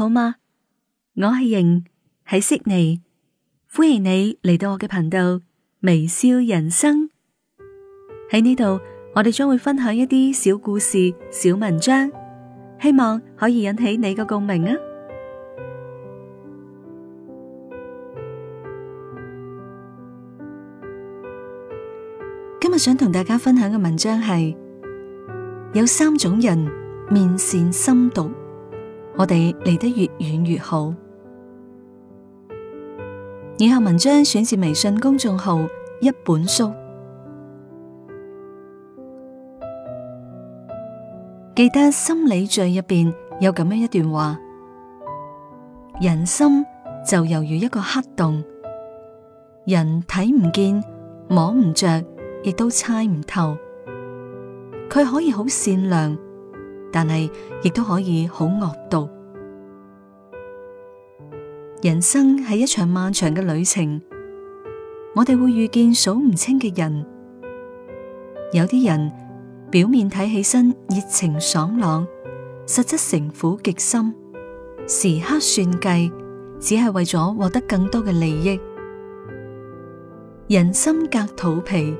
好嗎？我係瑩，喺悉尼，歡迎你嚟到我嘅頻道微笑人生。喺呢度，我哋將會分享一啲小故事、小文章，希望可以引起你嘅共鳴啊！今日想同大家分享嘅文章係：有三種人面善心毒。我哋離得越遠越好。以下文章選自微信公眾號《一本書》，記得《心理罪》入邊有咁樣一段話：人心就猶如一個黑洞，人睇唔見、摸唔着，亦都猜唔透。佢可以好善良。但係亦都可以好惡毒。人生係一場漫長嘅旅程，我哋會遇見數唔清嘅人。有啲人表面睇起身熱情爽朗，實質城府極深，時刻算計，只係為咗獲得更多嘅利益。人心隔肚皮，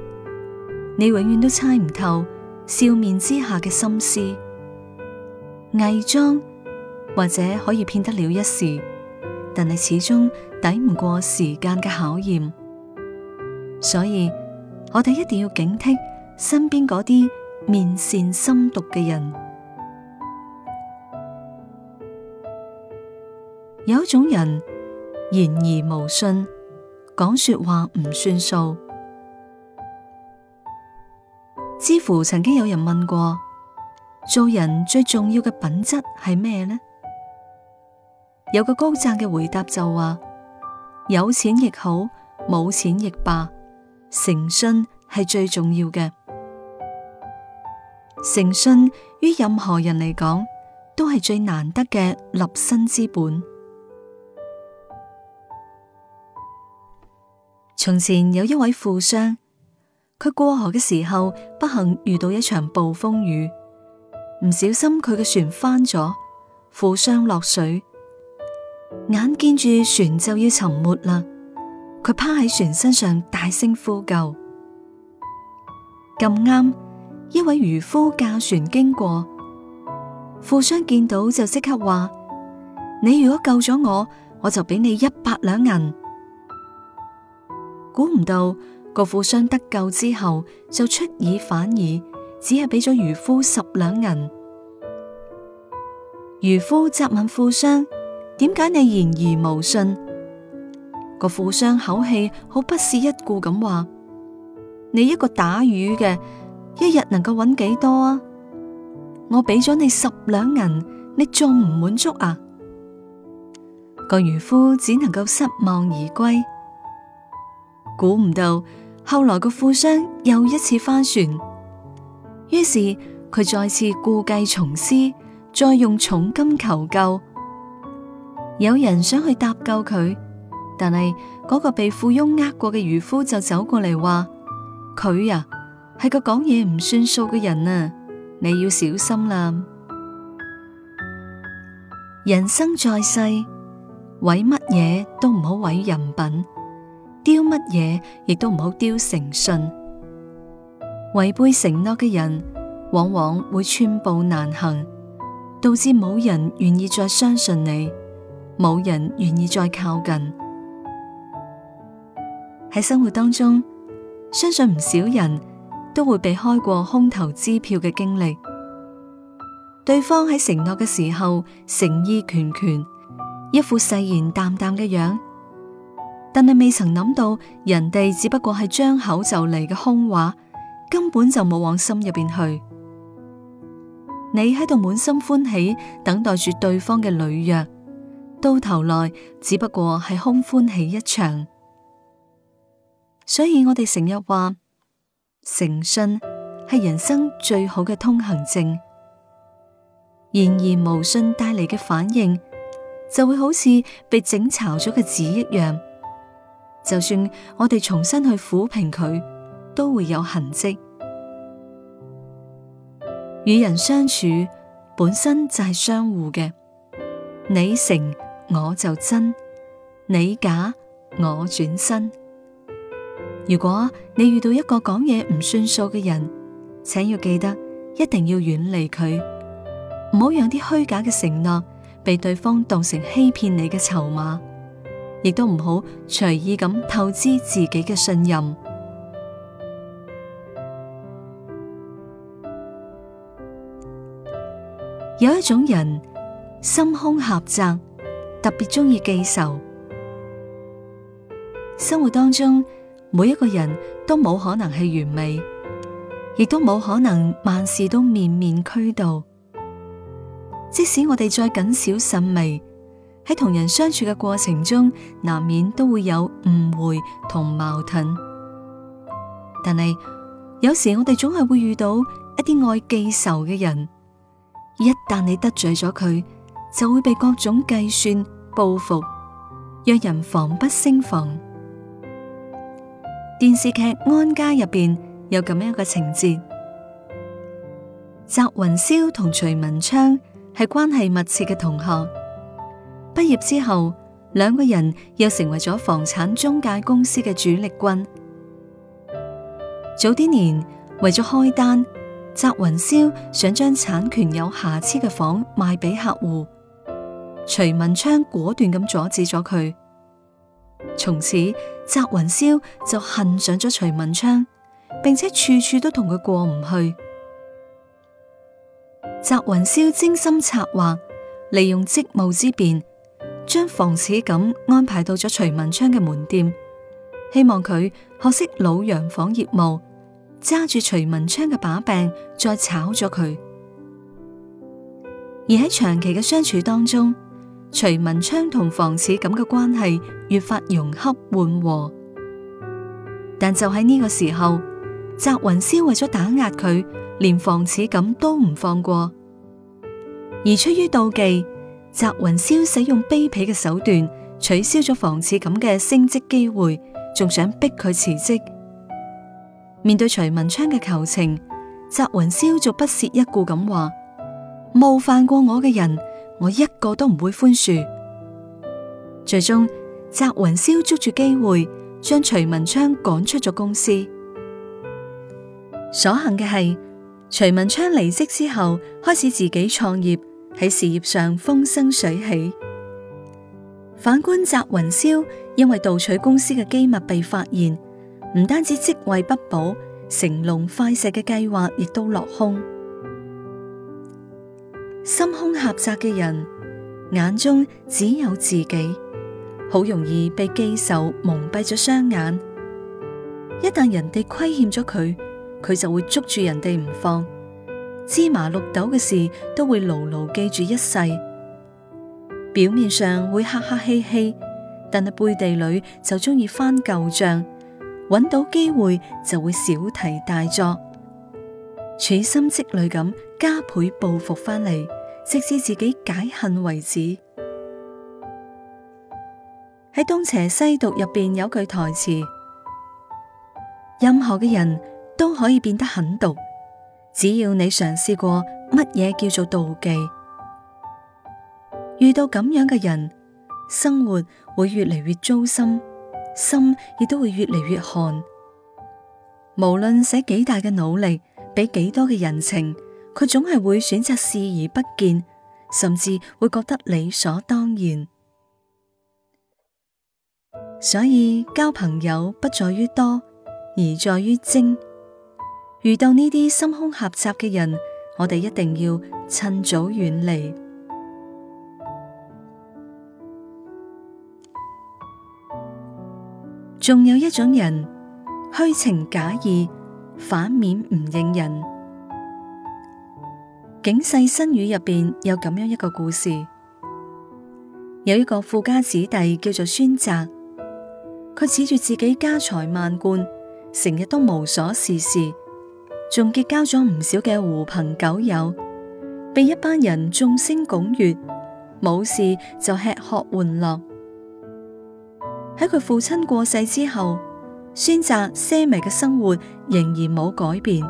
你永遠都猜唔透笑面之下嘅心思。偽裝或者可以騙得了一時，但係始終抵唔過時間嘅考驗，所以我哋一定要警惕身邊嗰啲面善心毒嘅人。有一種人言而無信，講說話唔算數。知乎曾經有人問過。做人最重要嘅品質係咩呢？有個高贊嘅回答就話：有錢亦好，冇錢亦罷，誠信係最重要嘅。誠信於任何人嚟講，都係最難得嘅立身之本。從前有一位富商，佢過河嘅時候，不幸遇到一場暴風雨。唔小心佢嘅船翻咗，富商落水，眼見住船就要沉沒啦，佢趴喺船身上大聲呼救。咁啱，一位漁夫駕船經過，富商見到就即刻話：你如果救咗我，我就俾你一百兩銀。估唔到個富商得救之後就出爾反爾。只係俾咗漁夫十兩銀，漁夫責問富商：點解你言而無信？個富商口氣好不屑一顧咁話：你一個打魚嘅，一日能夠搵幾多啊？我俾咗你十兩銀，你仲唔滿足啊？個漁夫只能夠失望而歸。估唔到後來個富商又一次翻船。於是佢再次故計重施，再用重金求救。有人想去搭救佢，但係嗰、那個被富翁呃過嘅漁夫就走過嚟、啊、話：佢呀係個講嘢唔算數嘅人啊，你要小心啦、啊！人生在世，毀乜嘢都唔好毀人品，丟乜嘢亦都唔好丟誠信。違背承諾嘅人，往往會寸步難行，導致冇人願意再相信你，冇人願意再靠近。喺生活當中，相信唔少人都會被開過空頭支票嘅經歷。對方喺承諾嘅時候，誠意拳拳，一副誓言旦旦嘅樣，但係未曾諗到，人哋只不過係張口就嚟嘅空話。根本就冇往心入邊去，你喺度滿心歡喜等待住對方嘅履約，到頭來只不過係空歡喜一場。所以我哋成日話誠信係人生最好嘅通行證，然而無信帶嚟嘅反應，就會好似被整皺咗嘅紙一樣，就算我哋重新去撫平佢。都會有痕跡。與人相處本身就係相互嘅，你誠我就真，你假我轉身。如果你遇到一個講嘢唔算數嘅人，請要記得一定要遠離佢，唔好讓啲虛假嘅承諾被對方當成欺騙你嘅籌碼，亦都唔好隨意咁透支自己嘅信任。有一種人心胸狹窄，特別中意記仇。生活當中每一個人都冇可能係完美，亦都冇可能萬事都面面俱到。即使我哋再謹小慎微，喺同人相處嘅過程中，難免都會有誤會同矛盾。但係有時我哋總係會遇到一啲愛記仇嘅人。一旦你得罪咗佢，就會被各種計算報復，讓人防不勝防。電視劇《安家》入邊有咁樣一個情節：翟雲霄同徐文昌係關係密切嘅同學，畢業之後，兩個人又成為咗房產中介公司嘅主力軍。早啲年為咗開單。翟雲霄想將產權有瑕疵嘅房賣俾客戶，徐文昌果斷咁阻止咗佢。從此，翟雲霄就恨上咗徐文昌，並且處處都同佢過唔去。翟雲霄精心策劃，利用職務之便，將房似錦安排到咗徐文昌嘅門店，希望佢學識老洋房業務。揸住徐文昌嘅把柄，再炒咗佢。而喺長期嘅相處當中，徐文昌同房似錦嘅關係越發融洽緩和。但就喺呢個時候，翟雲霄為咗打壓佢，連房似錦都唔放過。而出於妒忌，翟雲霄使用卑鄙嘅手段，取消咗房似錦嘅升職機會，仲想逼佢辭職。面對徐文昌嘅求情，翟雲霄就不屑一顧咁話：冒犯過我嘅人，我一個都唔會寬恕。最終，翟雲霄捉住機會，將徐文昌趕出咗公司。所幸嘅係，徐文昌離職之後，開始自己創業，喺事業上風生水起。反觀翟雲霄，因為盜取公司嘅機密被發現。唔單止職位不保，乘龍快婿嘅計劃亦都落空。心胸狹窄嘅人眼中只有自己，好容易被記仇蒙蔽咗雙眼。一旦人哋虧欠咗佢，佢就會捉住人哋唔放。芝麻綠豆嘅事都會牢牢記住一世。表面上會客客氣氣，但係背地裏就中意翻舊賬。搵到機會就會小題大作，處心積慮咁加倍報復翻嚟，直至自己解恨為止。喺東邪西毒入邊有句台詞：任何嘅人都可以變得狠毒，只要你嘗試過乜嘢叫做妒忌。遇到咁樣嘅人，生活會越嚟越糟心。心亦都會越嚟越寒，無論使幾大嘅努力，俾幾多嘅人情，佢總係會選擇視而不見，甚至會覺得理所當然。所以交朋友不在於多，而在於精。遇到呢啲心胸狹窄嘅人，我哋一定要趁早遠離。仲有一種人虛情假意，反面唔認人。《警世新語》入邊有咁樣一個故事，有一個富家子弟叫做孫澤，佢恃住自己家財萬貫，成日都無所事事，仲結交咗唔少嘅狐朋狗友，被一班人眾星拱月，冇事就吃喝玩樂。喺佢父親過世之後，孫澤奢靡嘅生活仍然冇改變。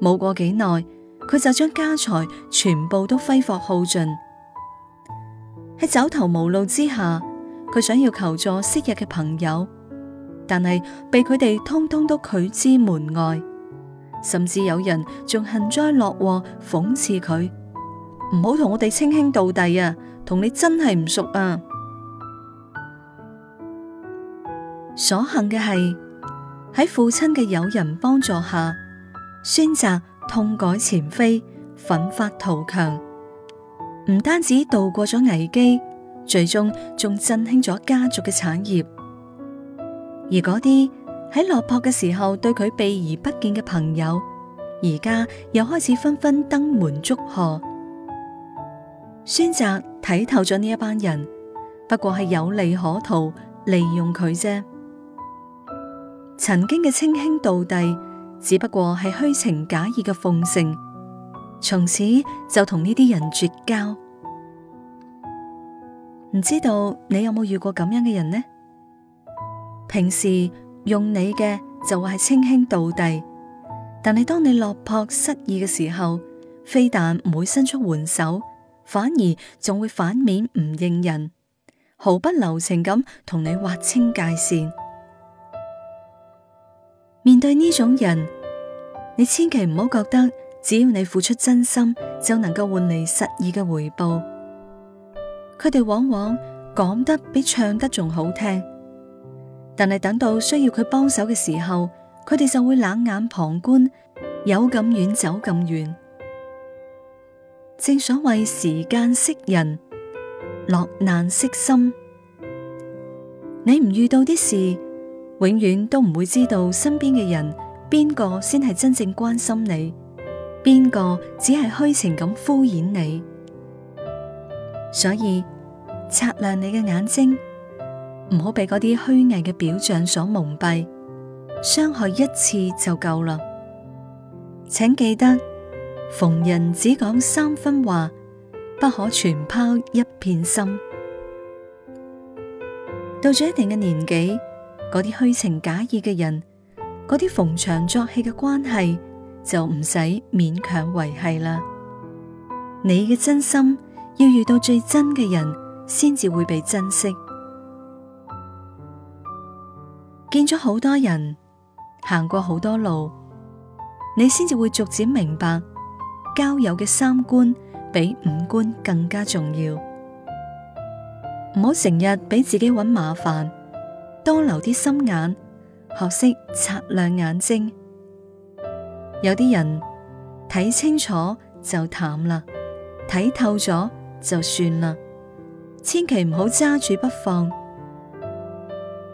冇過幾耐，佢就將家財全部都揮霍耗盡。喺走投無路之下，佢想要求助昔日嘅朋友，但係被佢哋通通都拒之門外，甚至有人仲幸災樂禍諷刺佢，唔好同我哋稱兄道弟啊，同你真係唔熟啊！所幸嘅係喺父親嘅友人幫助下，孫澤痛改前非，奮發圖強，唔單止度過咗危機，最終仲振興咗家族嘅產業。而嗰啲喺落魄嘅時候對佢避而不見嘅朋友，而家又開始紛紛登門祝賀。孫澤睇透咗呢一班人，不過係有利可圖，利用佢啫。曾經嘅稱兄道弟，只不過係虛情假意嘅奉承，從此就同呢啲人絕交。唔知道你有冇遇過咁樣嘅人呢？平時用你嘅就會係稱兄道弟，但係當你落魄失意嘅時候，非但唔會伸出援手，反而仲會反面唔認人，毫不留情咁同你劃清界線。面對呢種人，你千祈唔好覺得只要你付出真心就能夠換嚟實意嘅回報。佢哋往往講得比唱得仲好聽，但係等到需要佢幫手嘅時候，佢哋就會冷眼旁觀，有咁遠走咁遠。正所謂時間識人，落難識心。你唔遇到啲事，永遠都唔會知道身邊嘅人邊個先係真正關心你，邊個只係虛情咁敷衍你。所以擦亮你嘅眼睛，唔好被嗰啲虛偽嘅表象所蒙蔽。傷害一次就夠啦，請記得逢人只講三分話，不可全拋一片心。到咗一定嘅年紀。嗰啲虛情假意嘅人，嗰啲逢場作戲嘅關係，就唔使勉強維繫啦。你嘅真心要遇到最真嘅人，先至會被珍惜。見咗好多人，行過好多路，你先至會逐漸明白，交友嘅三觀比五官更加重要。唔好成日俾自己搵麻煩。多留啲心眼，學識擦亮眼睛。有啲人睇清楚就淡啦，睇透咗就算啦。千祈唔好揸住不放。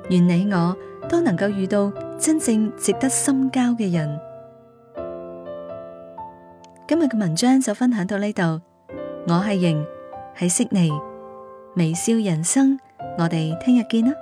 願你我都能夠遇到真正值得深交嘅人。今日嘅文章就分享到呢度，我係瑩，喺悉尼微笑人生，我哋聽日見啦。